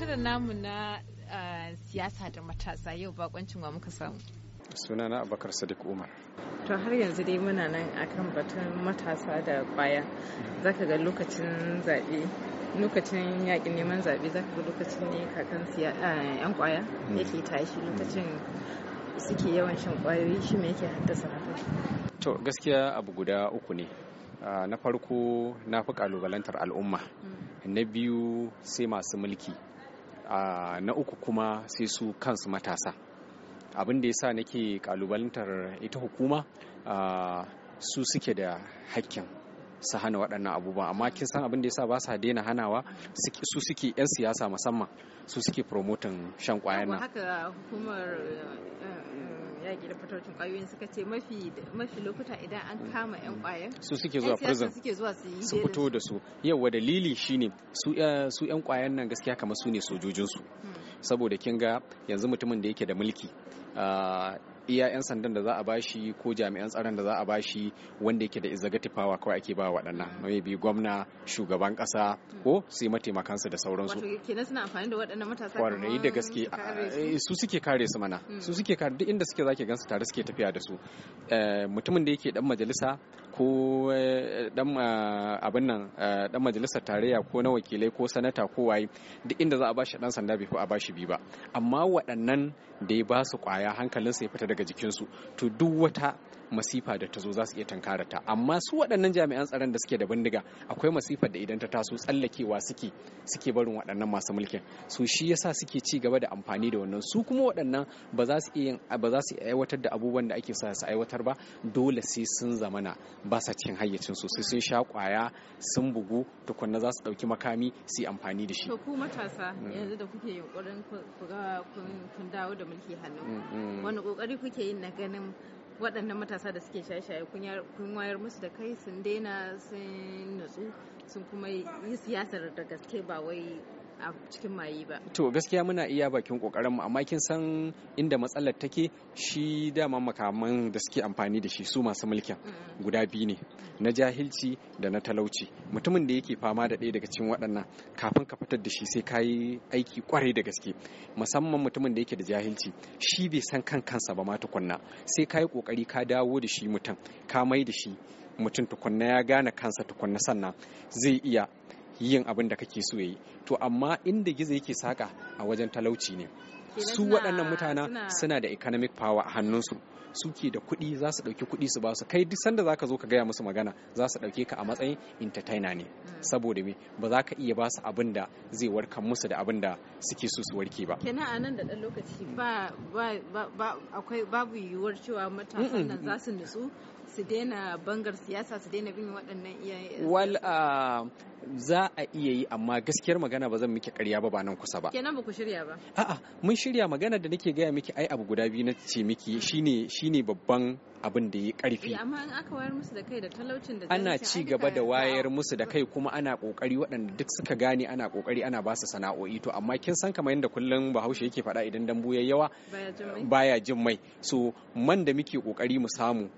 shirin namu na uh, siyasa da matasa yau bakoncin wa muka samu. Suna na Abakar Sadiq Umar. To har yanzu dai muna nan akan batun matasa da za Zaka ga lokacin zaɓe lokacin yaƙin neman zaɓe zaka ga lokacin ne kakan yan uh, kwaya mm. yake tashi lokacin suke yawan shan kwayoyi shi me yake haddasa haka. To gaskiya abu guda uku ne. Uh, na farko na fi kalubalantar al'umma mm. na biyu sai masu mulki na uku kuma sai su kansu matasa abin da ya sa nake kalubalantar ita hukuma su suke da hakkin su hana waɗannan abubuwa amma kin san abin da ya sa ba sa daina hanawa su suke 'yan siyasa musamman su suke promoting shan kwayan na yaƙi da fatocin ƙwayoyin suka ce mafi lokuta idan an kama 'yan ƙwayan su suke zuwa prison suke zuwa su yi su fito da su yawa dalili shine su 'yan eh, ƙwayan nan gaskiya kamar su ne sojojinsu hmm. saboda kin ga yanzu mutumin da yake da mulki ah, iya 'yan sandan da za a bashi ko jami'an tsaron da za a bashi wanda yake da executive power kawai ake ba waɗannan mai bi gwamna shugaban ƙasa ko sai mataimakansa da sauransu wato kenan suna amfani da waɗannan matasa kwarai da gaske eh, su suke kare su mana hmm. su suke kare duk inda suke zaki gansu tare suke tafiya da su eh, mutumin da yake dan majalisa ko dan eh, abin nan dan majalisar tarayya ko na wakilai ko sanata ko waye duk inda za a bashi dan sanda bai fi a bashi bi ba amma waɗannan da ya ba su kwaya hankalinsa ya fita daga daga jikinsu to duk wata masifa da ta zo za su iya tankara ta amma su waɗannan jami'an tsaron da suke da bindiga akwai masifa da idan ta taso tsallakewa suke suke barin waɗannan masu mulkin su shi yasa suke ci gaba da amfani da wannan su kuma waɗannan ba za su iya ba za su aiwatar da abubuwan da ake sa su aiwatar ba dole sai sun zamana ba sa cikin hayyacin su sai sun sha kwaya sun bugu tukunna za su ɗauki makami su yi amfani da shi to ku matasa mm. yanzu da kuke yunkurin kun dawo da mulki hannu mm, mm. wani kokari kuke yin na ganin waɗannan matasa da suke shaye-shaye kun wayar musu da kai sun daina sun nutsu sun kuma yi siyasar da gaske ba wai cikin mayi ba to gaskiya muna iya bakin kokarin mu amma kin san inda matsalar take shi dama makaman da suke amfani da shi su masu mulkin mm. guda biyu ne na jahilci da na talauci mutumin da yake fama da ɗaya daga cikin waɗannan kafin ka fitar da shi sai ka yi aiki kwarai da gaske musamman mutumin da yake da jahilci shi bai san kan kansa ba ma tukunna sai ka yi kokari ka dawo da shi mutum ka mai da shi mutum tukunna ya gane kansa tukunna sannan zai iya yin abin da kake so yi, to amma inda gizo yake saka a wajen talauci ne su waɗannan mutanen suna da economic power a hannunsu suke da kuɗi za su ɗauki kuɗi su ba su kai duk sanda za ka zo ka gaya musu magana za su ɗauke ka a matsayin entertainer ne mm. saboda me ba za ka iya ba su abin da zai warkar musu da abin da suke so su warke ba kenan a nan da ɗan lokaci ba ba akwai babu yiwuwar cewa matasan nan za su nutsu su daina bangar siyasa su daina bin waɗannan iyaye wal za a iya yi amma gaskiyar magana ba zan miki karya ba ba nan kusa ba kenan ba ku shirya ba a'a mun shirya magana da nake gaya miki ai abu guda biyu na ce miki shine shine babban abin da ya karfi eh, ana ci gaba da wayar musu da kai kuma ana kokari waɗanda duk suka gane ana kokari ana basu sana'o'i to amma kin san kamar yadda kullum bahaushe yake faɗa idan dambu ya yawa baya jin mai so man da muke kokari mu samu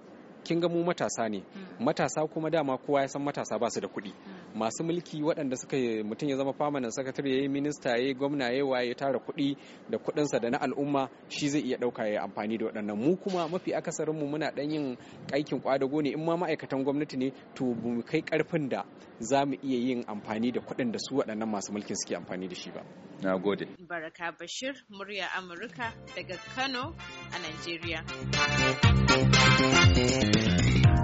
kin ga mu matasa ne hmm. matasa kuma dama kowa ya san matasa ba su da kuɗi hmm. masu mulki waɗanda suka mutum ya zama permanent secretary yayi minista yi gwamna wa ya tara kuɗi da kuɗinsa da na al'umma shi zai iya ɗauka ya amfani da waɗannan mu kuma mafi akasarin mu muna ɗan yin aikin kwadago ne in ma ma'aikatan gwamnati ne to mu kai ƙarfin da za mu iya yin amfani da kuɗin da su waɗannan masu mulkin suke amfani da shi ba. Na gode. Baraka Bashir, murya Amurka daga Kano a Najeriya.